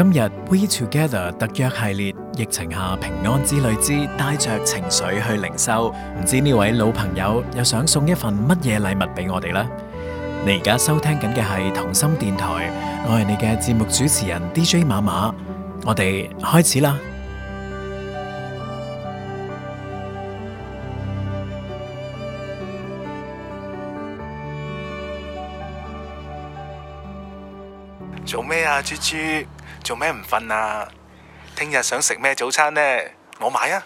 今日 We Together 特約系列，疫情下平安之旅之帶着情緒去靈修，唔知呢位老朋友又想送一份乜嘢禮物俾我哋呢？你而家收聽緊嘅係同心電台，我係你嘅節目主持人 DJ 馬馬，我哋開始啦！做咩啊，豬豬？做咩唔瞓啊？聽日想食咩早餐呢？我買啊！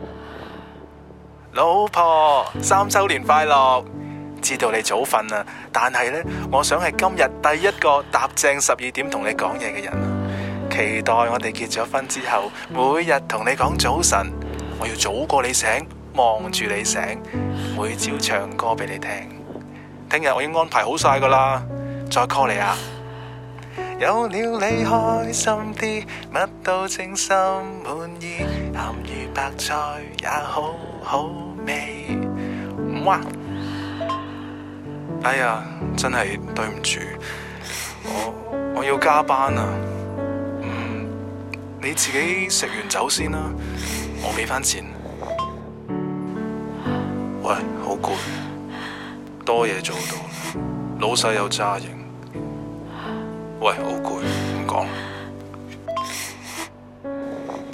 老婆三周年快樂！知道你早瞓啊，但係呢，我想係今日第一個踏正十二點同你講嘢嘅人。期待我哋結咗婚之後，每日同你講早晨，我要早過你醒，望住你醒，每朝唱歌俾你聽。聽日我已經安排好晒㗎喇，再 call 你啊！有了你開心啲，乜都稱心滿意，鹹魚白菜也好好味。哇！哎呀，真係對唔住，我我要加班啊。嗯，你自己食完酒先啦，我俾翻錢。喂，好攰，多嘢做到，老細有揸型。喂，好攰，唔講。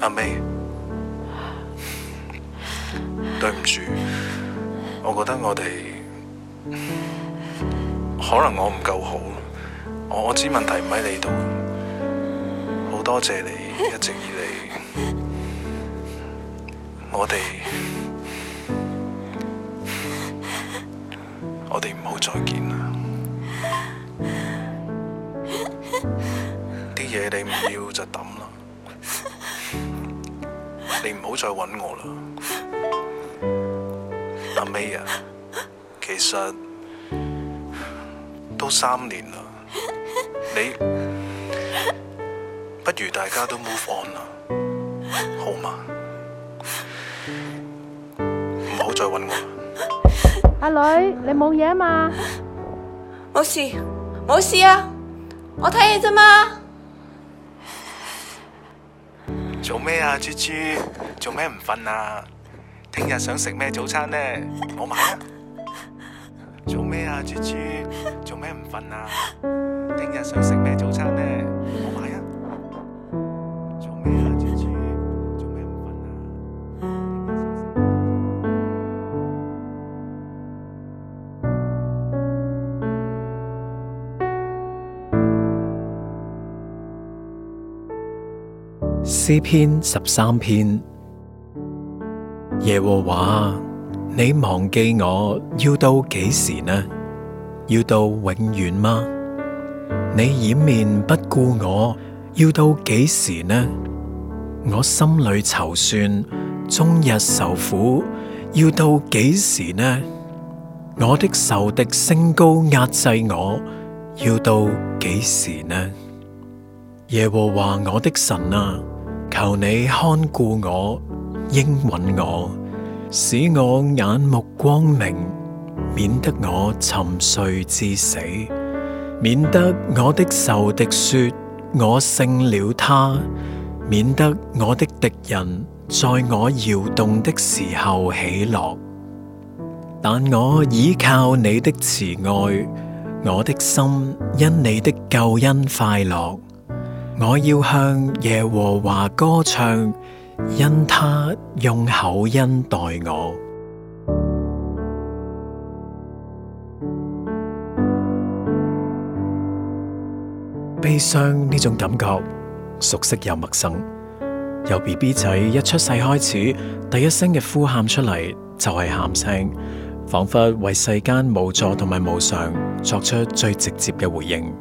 阿 May， 對唔住，我覺得我哋可能我唔夠好，我我知問題唔喺你度，好多謝你一直以嚟，我哋我哋唔好再見。你哋唔要就抌啦，你唔好再搵我啦，阿 May 啊。其實都三年啦，你不如大家都 move on 啦，好嘛？唔好再搵我。阿女，你冇嘢嘛？冇事，冇事啊，我睇你啫嘛。做咩啊，豬豬？做咩唔瞓啊？聽日想食咩早餐呢？我買啊！珠珠做咩啊，豬豬？做咩唔瞓啊？聽日想食咩早餐呢？詩篇十三篇：耶和華，你忘記我要到幾時呢？要到永遠嗎？你掩面不顧我要到幾時呢？我心裏籌算，終日受苦，要到幾時呢？我的仇敵升高壓制我，要到幾時呢？耶和華我的神啊！求你看顧我，應允我，使我眼目光明，免得我沉睡至死，免得我的仇敵說我勝了他，免得我的敵人在我搖動的時候喜樂。但我倚靠你的慈愛，我的心因你的救恩快樂。我要向耶和華歌唱，因他用厚恩待我。悲傷呢種感覺熟悉又陌生。由 BB 仔一出世開始，第一聲嘅呼喊出嚟就係喊聲，仿佛為世間無助同埋無常作出最直接嘅回應。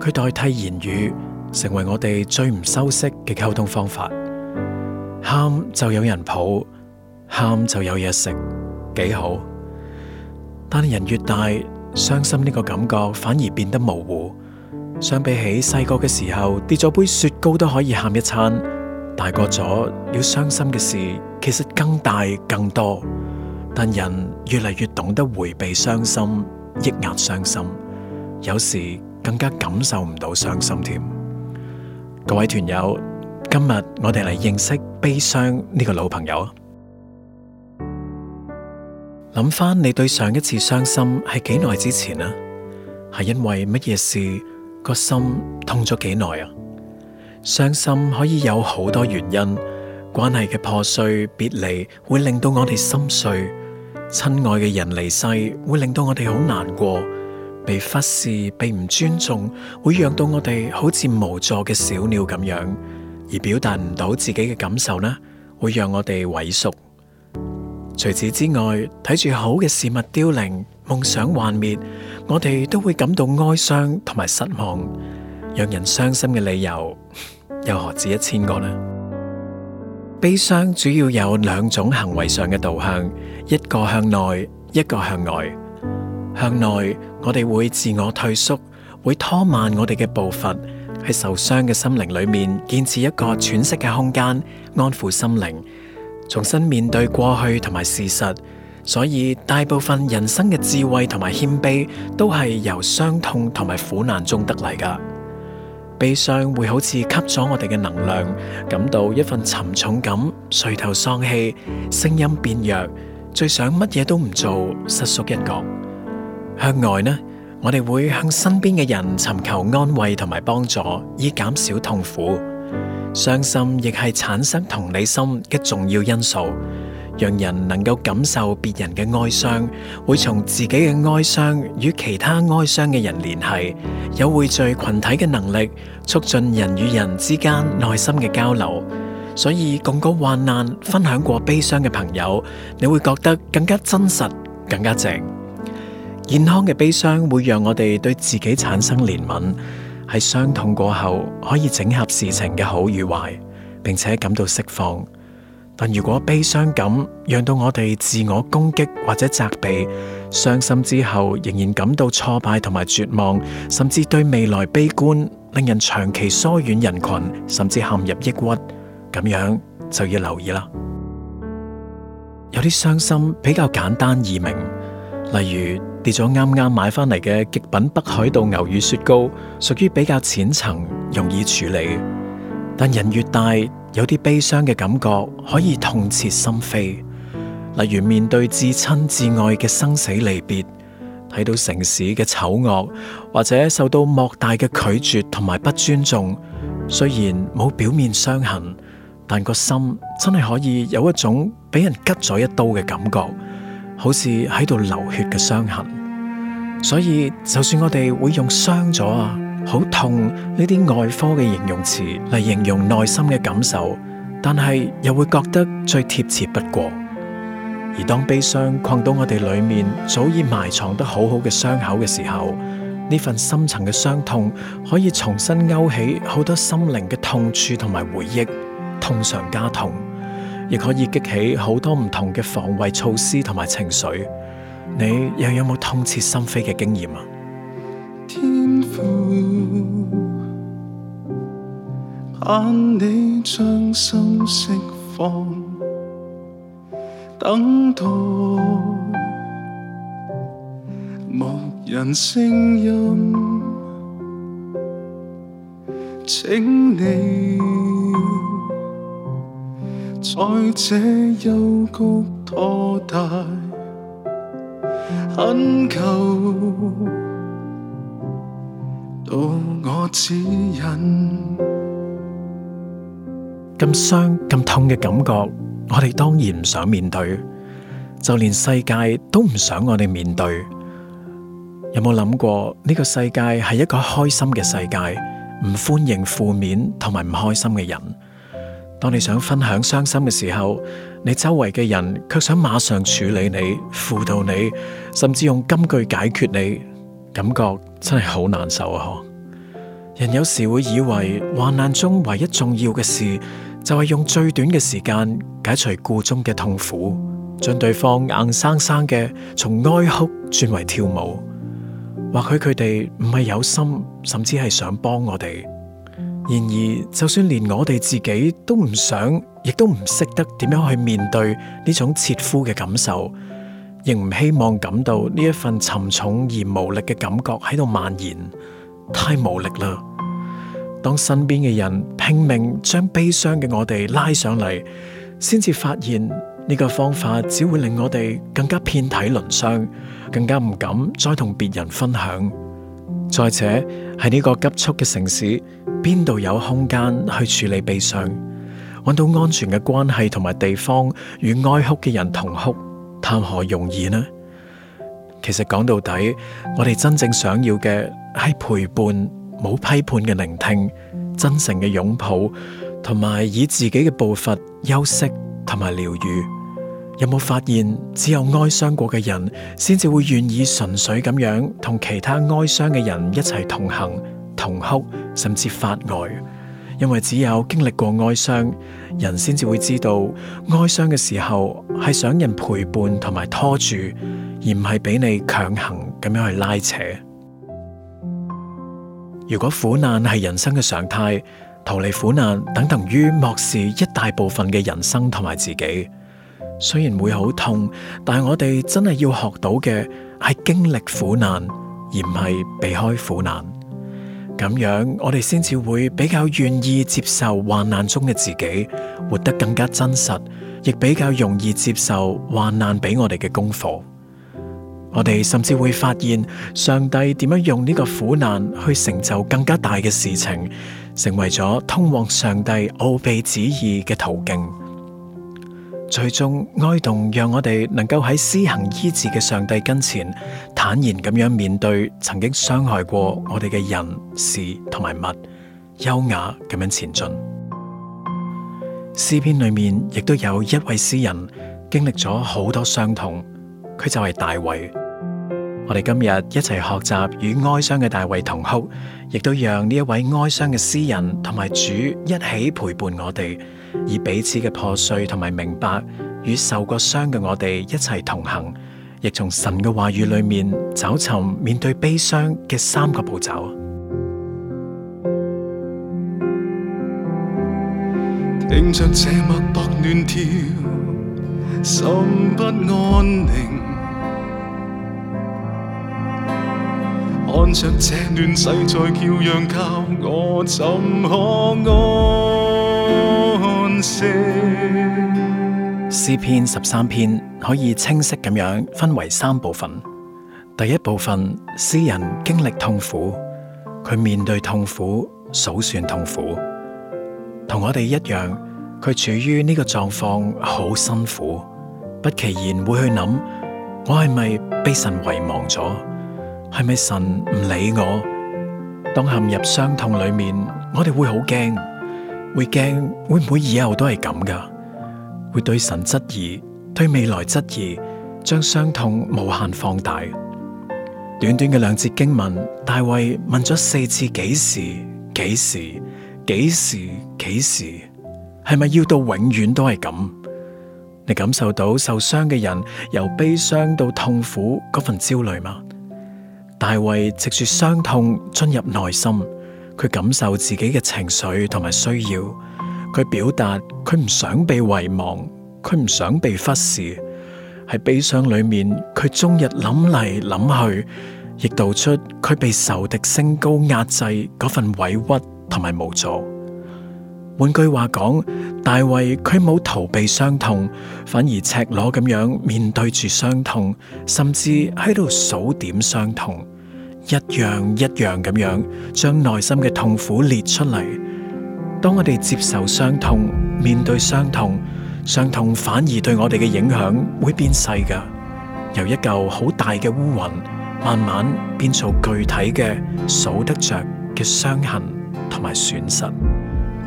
佢代替言語，成為我哋最唔修飾嘅溝通方法，喊就有人抱，喊就有嘢食，幾好。但人越大，傷心呢個感覺反而變得模糊。相比起細個嘅時候，跌咗杯雪糕都可以喊一餐，大個咗要傷心嘅事，其實更大更多。但人越嚟越懂得回避傷心、抑壓傷心，有時更加感受唔到傷心添。各位團友，今日我哋嚟認識悲傷呢個老朋友啊！諗翻你對上一次傷心係幾耐之前啊？係因為乜嘢事？個心痛咗幾耐啊？傷心可以有好多原因，關係嘅破碎、別離會令到我哋心碎，親愛嘅人離世會令到我哋好難過。被忽視、被唔尊重，會讓到我哋好似無助嘅小鳥咁樣，而表達唔到自己嘅感受呢？會讓我哋萎縮。除此之外，睇住好嘅事物凋零、夢想幻滅，我哋都會感到哀傷同埋失望，讓人傷心嘅理由又何止一千個呢？悲傷主要有兩種行為上嘅導向，一個向內，一個向外。向內，我哋會自我退縮，會拖慢我哋嘅步伐，喺受傷嘅心靈裏面，建設一個喘息嘅空間，安撫心靈，重新面對過去同埋事實。所以大部分人生嘅智慧同埋謙卑，都係由傷痛同埋苦難中得嚟㗎。悲傷會好似吸咗我哋嘅能量，感到一份沉重感，垂頭喪氣，聲音變弱，最想乜嘢都唔做，失縮一角。向外呢，我哋會向身邊嘅人尋求安慰同埋幫助，以減少痛苦。傷心亦係產生同理心嘅重要因素，讓人能夠感受別人嘅哀傷，會從自己嘅哀傷與其他哀傷嘅人聯繫，有匯聚群體嘅能力，促進人與人之間內心嘅交流。所以，共過患難、分享過悲傷嘅朋友，你會覺得更加真實、更加正。健康嘅悲傷會讓我哋對自己產生憐憫，喺傷痛過後可以整合事情嘅好與壞，並且感到釋放。但如果悲傷感讓到我哋自我攻擊或者責備，傷心之後仍然感到挫敗同埋絕望，甚至對未來悲觀，令人長期疏遠人群，甚至陷入抑鬱，咁樣就要留意啦。有啲傷心比較簡單易明，例如。跌咗啱啱買翻嚟嘅極品北海道牛乳雪糕，屬於比較淺層，容易處理。但人越大，有啲悲傷嘅感覺可以痛徹心扉。例如面對至親至愛嘅生死離別，睇到城市嘅醜惡，或者受到莫大嘅拒絕同埋不尊重，雖然冇表面傷痕，但個心真係可以有一種俾人拮咗一刀嘅感覺。好似喺度流血嘅傷痕，所以就算我哋會用傷咗啊、好痛呢啲外科嘅形容詞嚟形容內心嘅感受，但係又會覺得最貼切不過。而當悲傷困到我哋裏面早已埋藏得好好嘅傷口嘅時候，呢份深層嘅傷痛可以重新勾起好多心靈嘅痛處同埋回憶，痛上加痛。亦可以激起好多唔同嘅防衛措施同埋情緒，你又有冇痛徹心扉嘅經驗啊？天父，盼你將心釋放，等待牧人聲音，請你。在這幽谷拖帶很久，求導我指引。咁傷、咁痛嘅感覺，我哋當然唔想面對，就連世界都唔想我哋面對。有冇諗過呢，這個世界係一個開心嘅世界，唔歡迎負面同埋唔開心嘅人。當你想分享傷心嘅時候，你周圍嘅人卻想馬上處理你、輔導你，甚至用金句解決你，感覺真係好難受啊！人有時會以為患難中唯一重要嘅事，就係用最短嘅時間解除故中嘅痛苦，將對方硬生生嘅從哀哭轉為跳舞。或許佢哋唔係有心，甚至係想幫我哋。然而，就算連我哋自己都唔想，亦都唔識得點樣去面對呢種切膚嘅感受，仍唔希望感到呢一份沉重而無力嘅感覺喺度蔓延，太無力啦！當身邊嘅人拼命將悲傷嘅我哋拉上嚟，先至發現呢個方法只會令我哋更加遍體鱗傷，更加唔敢再同別人分享。再者，喺呢個急速嘅城市，邊度有空間去處理悲傷？搵到安全嘅關係同埋地方，與哀哭嘅人同哭，談何容易呢？其實講到底，我哋真正想要嘅係陪伴，冇批判嘅聆聽，真誠嘅擁抱，同埋以自己嘅步伐休息同埋療癒。有冇發現，只有哀傷過嘅人，先至會願意純粹咁樣同其他哀傷嘅人一齊同行、同哭，甚至發呆。因為只有經歷過哀傷，人先至會知道哀傷嘅時候係想人陪伴同埋拖住，而唔係俾你強行咁樣去拉扯。如果苦難係人生嘅常態，逃離苦難，等等於漠視一大部分嘅人生同埋自己。雖然會好痛，但我哋真係要學到嘅係經歷苦難，而唔係避開苦難。咁樣我哋先至會比較願意接受患難中嘅自己，活得更加真實，亦比較容易接受患難俾我哋嘅功課。我哋甚至會發現上帝點樣用呢個苦難去成就更加大嘅事情，成為咗通往上帝奧秘旨意嘅途徑。最終哀慟讓我哋能夠喺施行醫治嘅上帝跟前，坦然咁樣面對曾經傷害過我哋嘅人、事同埋物，優雅咁樣前進。詩篇裏面亦都有一位詩人經歷咗好多傷痛，佢就係大衛。我哋今日一齊學習與哀傷嘅大衛同哭，亦都讓呢一位哀傷嘅詩人同埋主一起陪伴我哋，以彼此嘅破碎同埋明白，與受過傷嘅我哋一齊同行，亦從神嘅話語裡面找尋面對悲傷嘅三個步驟。聽着這脈搏亂跳，心不安寧。看著這亂世在叫嚷，教我怎可安息。詩篇十三篇可以清晰咁樣分為三部分。第一部分，詩人經歷痛苦，佢面對痛苦，數算痛苦，同我哋一樣，佢處於呢個狀況好辛苦，不其然會去諗，我係咪被神遺忘咗？係咪神唔理我？當陷入傷痛裏面，我哋會好驚，會驚，會唔會以後都係咁噶？會對神質疑，對未來質疑，將傷痛無限放大。短短嘅兩節經文，大衛問咗四次：幾時？幾時？幾時？幾時？係咪要到永遠都係咁？你感受到受傷嘅人由悲傷到痛苦嗰份焦慮嗎？大衛直說傷痛進入內心，佢感受自己嘅情緒同埋需要，佢表達佢唔想被遺忘，佢唔想被忽視。喺悲傷裏面，佢終日諗嚟諗去，亦道出佢被仇敵升高壓制嗰份委屈同埋無助。換句話講，大衛佢冇逃避傷痛，反而赤裸咁樣面對住傷痛，甚至喺度數點傷痛，一樣一樣咁樣將內心嘅痛苦列出嚟。當我哋接受傷痛、面對傷痛，傷痛反而對我哋嘅影響會變細㗎，由一嚿好大嘅烏雲，慢慢變做具體嘅數得着嘅傷痕同埋損失。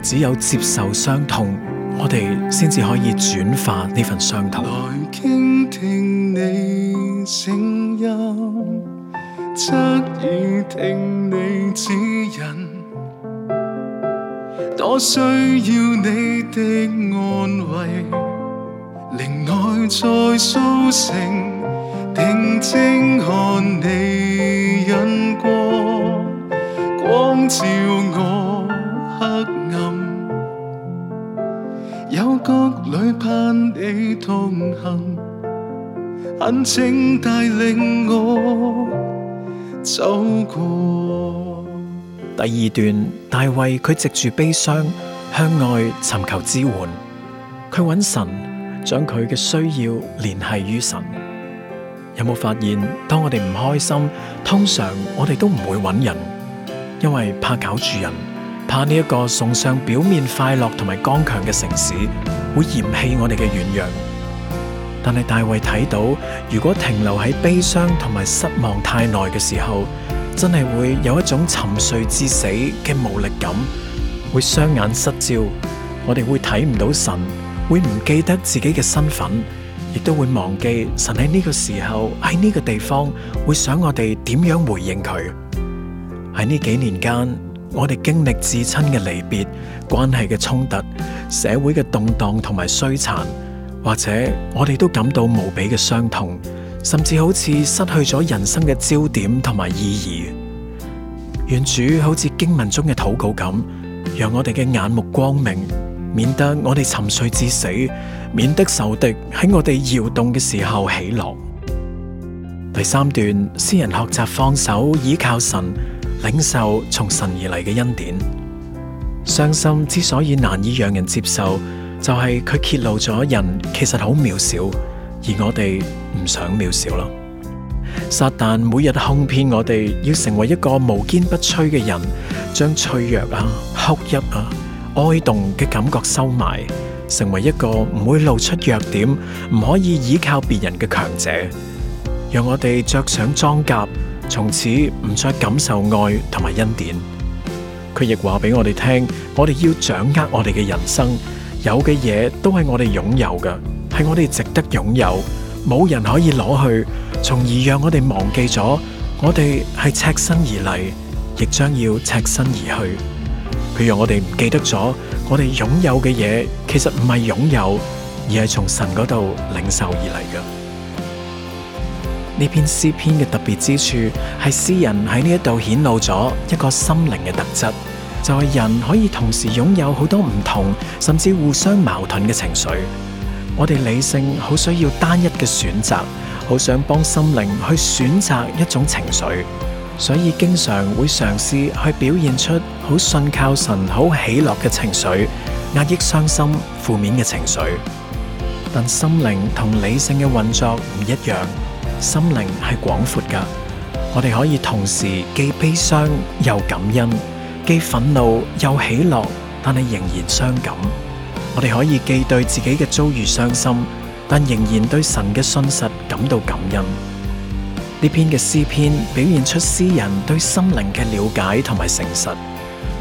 只有接受傷痛，我哋先至可以轉化呢份傷痛。來傾聽你聲音，側耳聽你指引，多需要你的安慰，靈內再甦醒，定睛看你恩光，光照，同行，懇請帶領我走過。第二段，大衛佢藉住悲傷向外尋求支援，佢揾神將佢嘅需要聯繫於神。有冇發現，當我哋唔開心，通常我哋都唔會揾人，因為怕搞住人，怕呢一個送上表面快樂同埋剛強嘅城市。會嫌棄我哋嘅軟弱，但係大衛睇到，如果停留喺悲傷同埋失望太耐嘅時候，真係會有一種沉睡至死嘅無力感，會雙眼失焦，我哋會睇唔到神，會唔記得自己嘅身份，亦都會忘記神喺呢個時候喺呢個地方會想我哋點樣回應佢。喺呢幾年間，我哋經歷至親嘅離別、關係嘅衝突、社會嘅動盪同埋衰殘，或者我哋都感到無比嘅傷痛，甚至好似失去咗人生嘅焦點同埋意義。願主好似經文中嘅禱告咁，讓我哋嘅眼目光明，免得我哋沉睡至死，免得仇敵喺我哋搖動嘅時候喜樂。第三段，私人學習放手倚靠神。領受從神而嚟嘅恩典，傷心之所以難以讓人接受，就係佢揭露咗人其實好渺小，而我哋唔想渺小咯。撒旦每日哄騙我哋，要成為一個無堅不摧嘅人，將脆弱啊、哭泣啊、哀慟嘅感覺收埋，成為一個唔會露出弱點、唔可以依靠別人嘅強者，讓我哋着上裝甲。從此唔再感受愛同埋恩典，佢亦話俾我哋聽，我哋要掌握我哋嘅人生，有嘅嘢都係我哋擁有嘅，係我哋值得擁有，冇人可以攞去，從而讓我哋忘記咗我哋係赤身而嚟，亦將要赤身而去。佢讓我哋唔記得咗，我哋擁有嘅嘢其實唔係擁有，而係從神嗰度領受而嚟嘅。呢篇詩篇嘅特別之處係詩人喺呢一度顯露咗一個心靈嘅特質，就係人可以同時擁有好多唔同，甚至互相矛盾嘅情緒。我哋理性好需要單一嘅選擇，好想幫心靈去選擇一種情緒，所以經常會嘗試去表現出好信靠神、好喜樂嘅情緒，壓抑傷心、負面嘅情緒。但心靈同理性嘅運作唔一樣。心靈係廣闊噶，我哋可以同時既悲傷又感恩，既憤怒又喜樂，但係仍然傷感。我哋可以既對自己嘅遭遇傷心，但仍然對神嘅信實感到感恩。呢篇嘅詩篇表現出詩人對心靈嘅了解同埋誠實，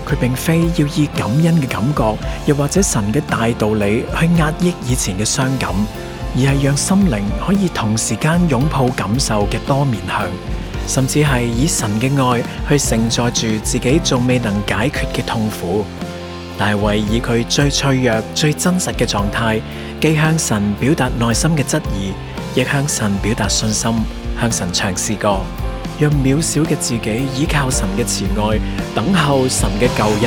佢並非要以感恩嘅感覺，又或者神嘅大道理去壓抑以前嘅傷感。而係讓心靈可以同時間擁抱感受嘅多面向，甚至係以神嘅愛去承載住自己仲未能解決嘅痛苦。大衛以佢最脆弱、最真實嘅狀態，既向神表達內心嘅質疑，亦向神表達信心，向神嘗試過，讓渺小嘅自己倚靠神嘅慈愛，等候神嘅救恩來。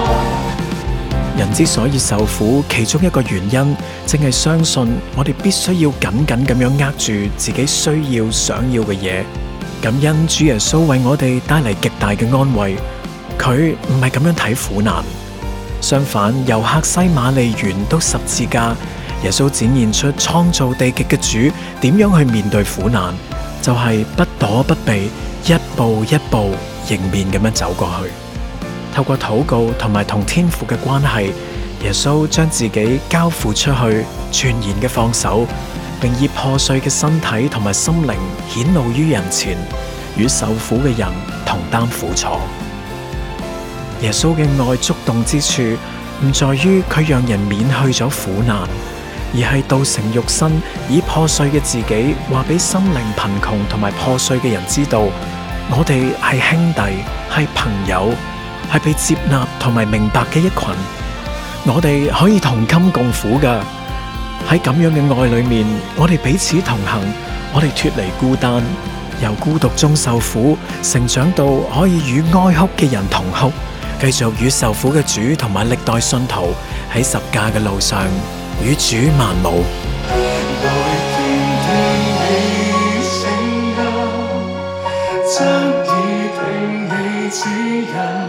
之所以受苦，其中一個原因，正係相信我哋必須要緊緊咁樣握住自己需要、想要嘅嘢。感恩主耶穌為我哋帶嚟極大嘅安慰，佢唔係咁樣睇苦難。相反，由客西馬尼園到十字架，耶穌展現出創造地極嘅主點樣去面對苦難，就係、是、不躲不避，一步一步迎面咁樣走過去。透過禱告同埋同天父嘅關係，耶穌將自己交付出去，全然嘅放手，並以破碎嘅身體同埋心靈顯露於人前，與受苦嘅人同擔苦楚。耶穌嘅愛觸動之處，唔在於佢讓人免去咗苦難，而係道成肉身，以破碎嘅自己話俾心靈貧窮同埋破碎嘅人知道，我哋係兄弟，係朋友。係被接納同埋明白嘅一群，我哋可以同甘共苦噶。喺咁樣嘅愛裏面，我哋彼此同行，我哋脫離孤單，由孤獨中受苦，成長到可以與哀哭嘅人同哭，繼續與受苦嘅主同埋歷代信徒喺十架嘅路上與主同路。來傾聽你聲音，側耳聽你指引。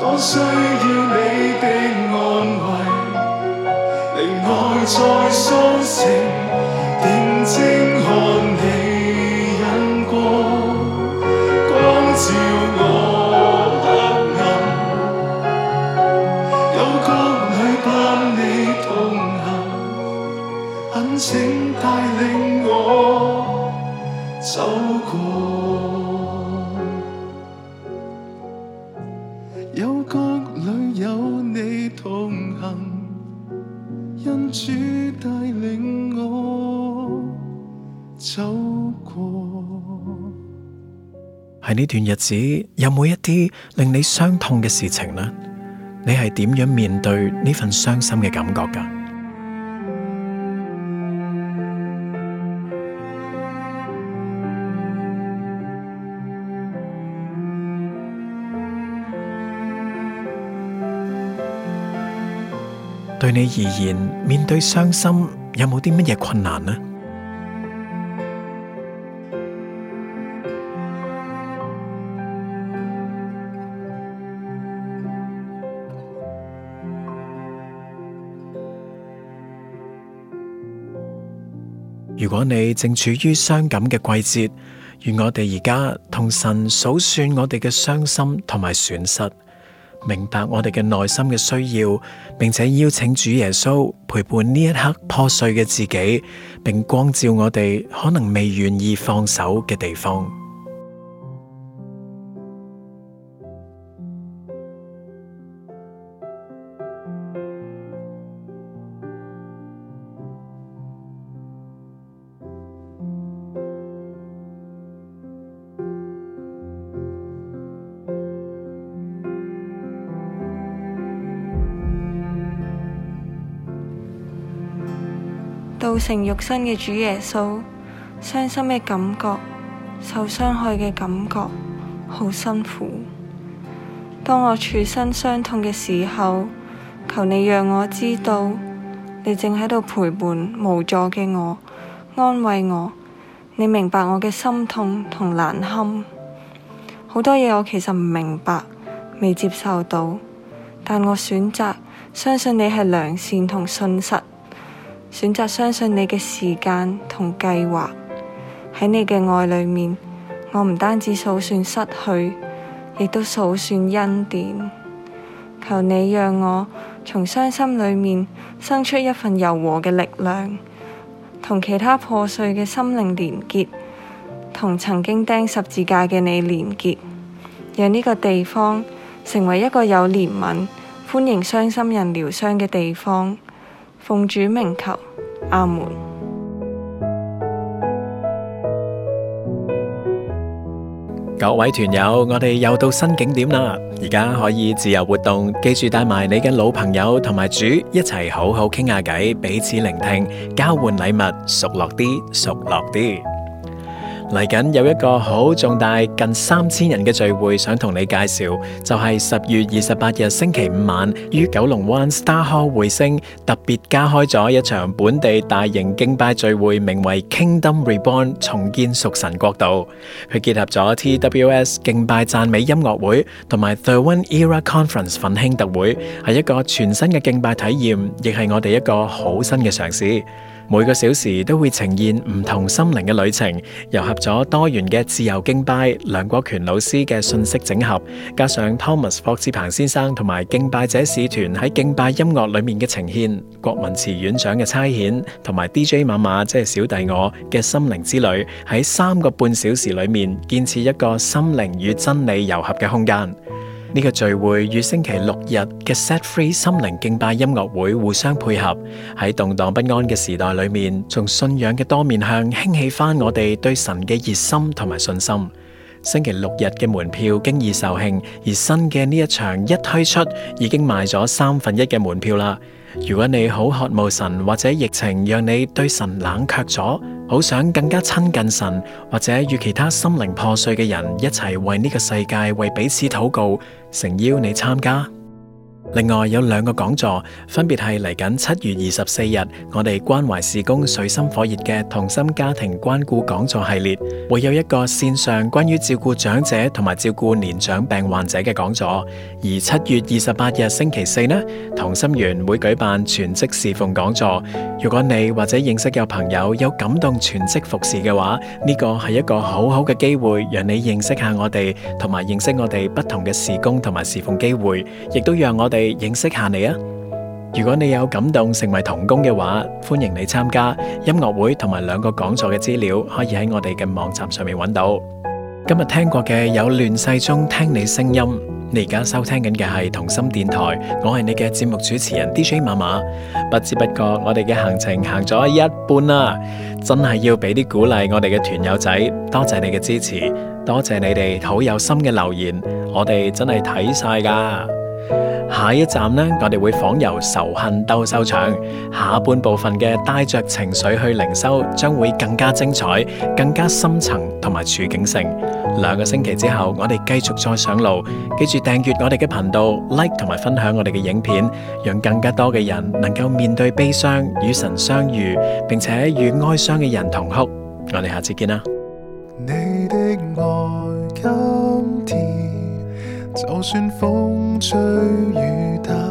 多需要你的安慰，靈內再甦醒，定睛看你恩光，光照我黑暗，幽谷裡盼你同行，懇請帶領。呢段日子有冇一啲令你傷痛嘅事情呢？你係點樣面對呢份傷心嘅感覺㗎？對你而言，面對傷心有冇啲乜嘢困難呢？如果你正處於傷感嘅季節，願我哋而家同神數算我哋嘅傷心同埋損失，明白我哋嘅內心嘅需要，並且邀請主耶穌陪伴呢一刻破碎嘅自己，並光照我哋可能未願意放手嘅地方。道成肉身嘅主耶穌，傷心嘅感覺，受傷害嘅感覺，好辛苦。當我處身傷痛嘅時候，求你讓我知道，你正喺度陪伴無助嘅我，安慰我。你明白我嘅心痛同難堪，好多嘢我其實唔明白，未接受到，但我選擇相信你係良善同信實。選擇相信你嘅時間同計劃。喺你嘅愛裏面，我唔單止數算失去，亦都數算恩典。求你讓我從傷心裏面生出一份柔和嘅力量，同其他破碎嘅心靈連結，同曾經釘十字架嘅你連結，讓呢個地方成為一個有憐憫、歡迎傷心人療傷嘅地方。奉主名求，阿門。各位團友，我哋又到新景點啦，而家可以自由活動，記住帶埋你嘅老朋友同埋主一齊好好傾下偈，彼此聆聽，交換禮物，熟絡啲，熟絡啲。嚟緊有一個好重大、近三千人嘅聚會，想同你介紹，就係、是、十月二十八日星期五晚於九龍灣 Star Hall 匯星特別加開咗一場本地大型敬拜聚會，名為 Kingdom Reborn 重建屬神國度。佢結合咗 TWS 敬拜讚美音樂會同埋 The One Era Conference 奮興特會，係一個全新嘅敬拜體驗，亦係我哋一個好新嘅嘗試。每個小時都會呈現唔同心靈嘅旅程，糅合咗多元嘅自由敬拜。梁國權老師嘅信息整合，加上 Thomas 霍志鵬先生同埋敬拜者使團喺敬拜音樂裏面嘅呈現，郭文池院長嘅差遣，同埋 DJ 馬馬即係小弟我嘅心靈之旅，喺三個半小時裏面建設一個心靈與真理糅合嘅空間。呢個聚會與星期六日嘅 Set Free 心靈敬拜音樂會互相配合，喺動盪不安嘅時代裏面，從信仰嘅多面向興起翻我哋對神嘅熱心同埋信心。星期六日嘅門票經已售罄，而新嘅呢一場一推出已經賣咗三分一嘅門票啦。如果你好渴慕神，或者疫情讓你對神冷卻咗，好想更加親近神，或者與其他心靈破碎嘅人一齊為呢個世界、為彼此禱告，誠邀你參加。另外有兩個講座，分別係嚟緊七月二十四日，我哋關懷事工水深火熱嘅同心家庭關顧講座系列，會有一個線上關於照顧長者同埋照顧年長病患者嘅講座。而七月二十八日星期四呢，同心圓會舉辦全職侍奉講座。如果你或者認識嘅朋友有感動全職服侍嘅話，呢個係一個好好嘅機會，讓你認識下我哋，同埋認識我哋不同嘅事工同埋侍奉機會，亦都讓我哋。係認識下你啊！如果你有感動成為同工嘅話，歡迎你參加音樂會同埋兩個講座嘅資料，可以喺我哋嘅網站上面揾到。今日聽過嘅有亂世中聽祢聲音，你而家收聽緊嘅係同心電台，我係你嘅節目主持人 DJ 馬馬。不知不覺我哋嘅行程行咗一半啦，真係要俾啲鼓勵我哋嘅團友仔，多謝你嘅支持，多謝你哋好有心嘅留言，我哋真係睇晒㗎。下一站呢，我哋會訪遊仇恨鬥獸場，下半部分嘅帶着情緒去靈修將會更加精彩、更加深層同埋處境性。兩個星期之後，我哋繼續再上路。記住訂閱我哋嘅頻道、Like 同埋分享我哋嘅影片，讓更加多嘅人能夠面對悲傷、與神相遇，並且與哀傷嘅人同哭。我哋下次見啦！你的愛。就算風吹雨打。